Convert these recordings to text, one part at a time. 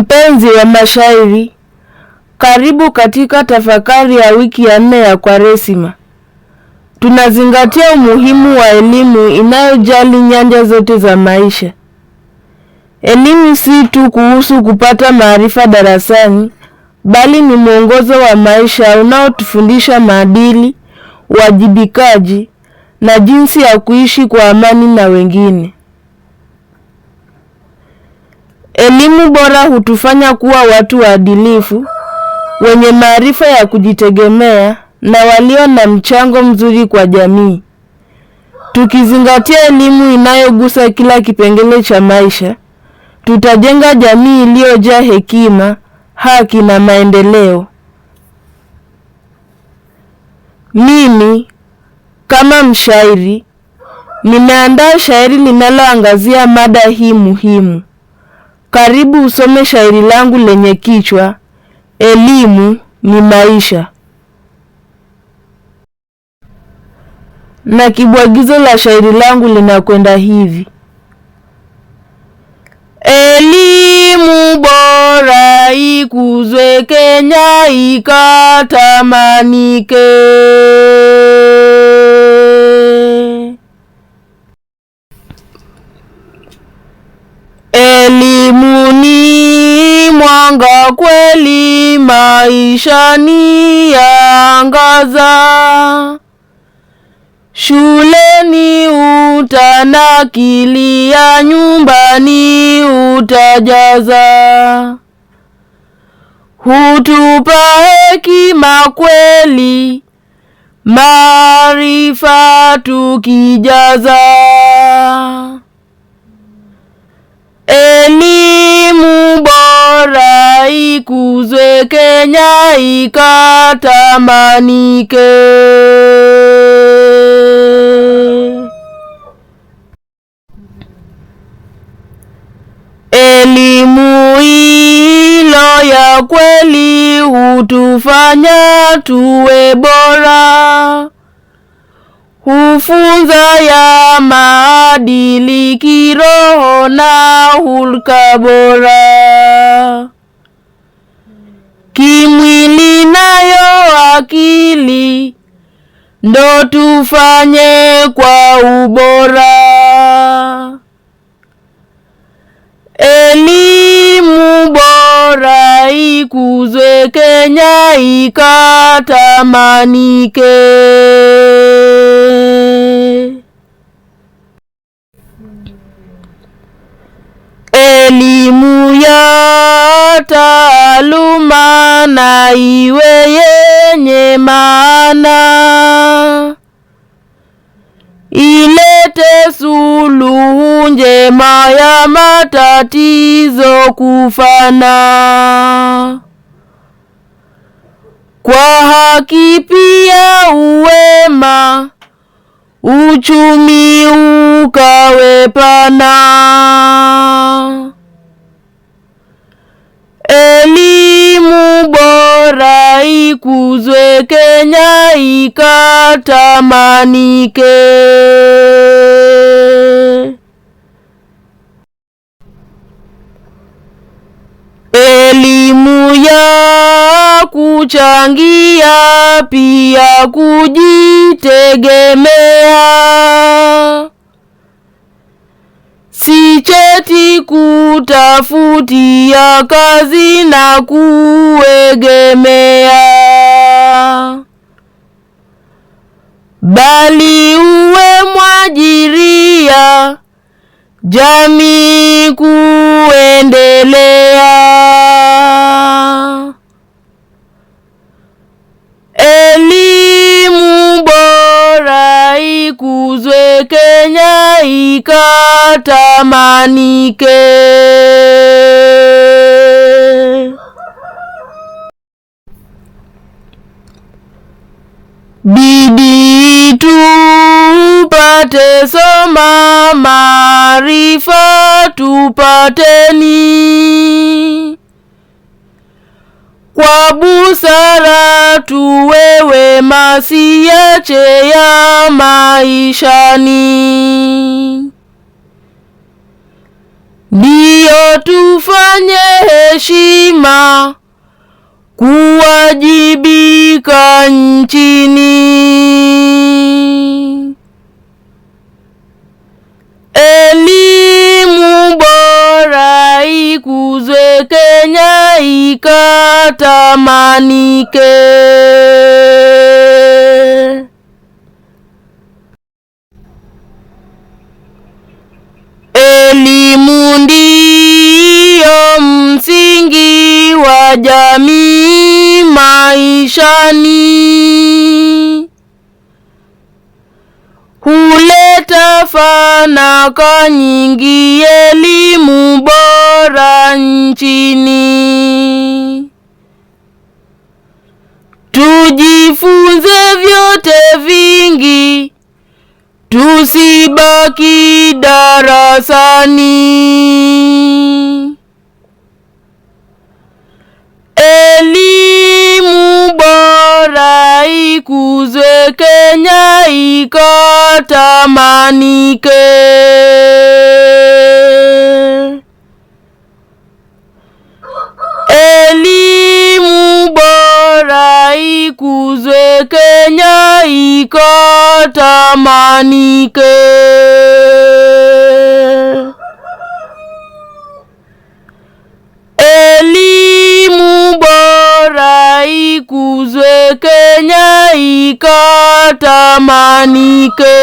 Mpenzi wa mashairi, karibu katika tafakari ya wiki ya nne ya Kwaresima. Tunazingatia umuhimu wa elimu inayojali nyanja zote za maisha. Elimu si tu kuhusu kupata maarifa darasani, bali ni mwongozo wa maisha unaotufundisha maadili, uwajibikaji na jinsi ya kuishi kwa amani na wengine. Elimu bora hutufanya kuwa watu waadilifu, wenye maarifa ya kujitegemea na walio na mchango mzuri kwa jamii. Tukizingatia elimu inayogusa kila kipengele cha maisha, tutajenga jamii iliyojaa hekima, haki na maendeleo. Mimi kama mshairi nimeandaa shairi linaloangazia mada hii muhimu. Karibu usome shairi langu lenye kichwa Elimu ni Maisha, na kibwagizo la shairi langu linakwenda hivi: elimu bora ikuzwe, Kenya ikatamanike Elimu ni mwanga kweli, maisha ni yaangaza. Shuleni utanakilia, nyumbani utajaza. Hutupa hekima kweli, maarifa tukijaza. Kenya ikatamanike. Elimu ilo ya kweli hutufanya tuwe bora, hufunza ya maadili kiroho na hulka bora kimwili nayo akili ndo tufanye kwa ubora. Elimu bora ikuzwe, Kenya ikatamanike. Elimu ya maaluma na iwe yenye maana, ilete suluhu njema ya matatizo kufana, kwa haki pia uwema, uchumi ukawe pana ikuzwe Kenya ikatamanike. Elimu ya kuchangia pia kujitegemea cheti kutafutia kazi na kuegemea, bali uwe mwajiria jamii kuendelea. Elimu bora ikuzwe Kenya ika tamanike. Bidii tupate, soma maarifa tupateni, kwa busara tuwe wema, siache ya maishani. Ndiyo tufanye heshima kuwajibika nchini. Elimu bora ikuzwe, Kenya ikatamanike. Elimu ndiyo msingi wa jamii maishani, huleta fanaka nyingi. Elimu bora nchini, tujifunze vyote vingi Tusibaki darasani. Elimu bora ikuzwe, Kenya ikatamanike. Elimu bora ikuzwe Kenya ikatamanike. Elimu bora ikuzwe Kenya ikatamanike.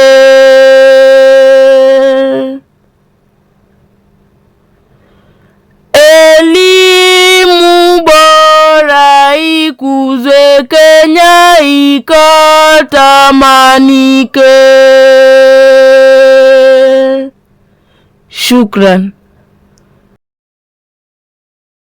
ikuze Kenya ikatamanike. Shukran.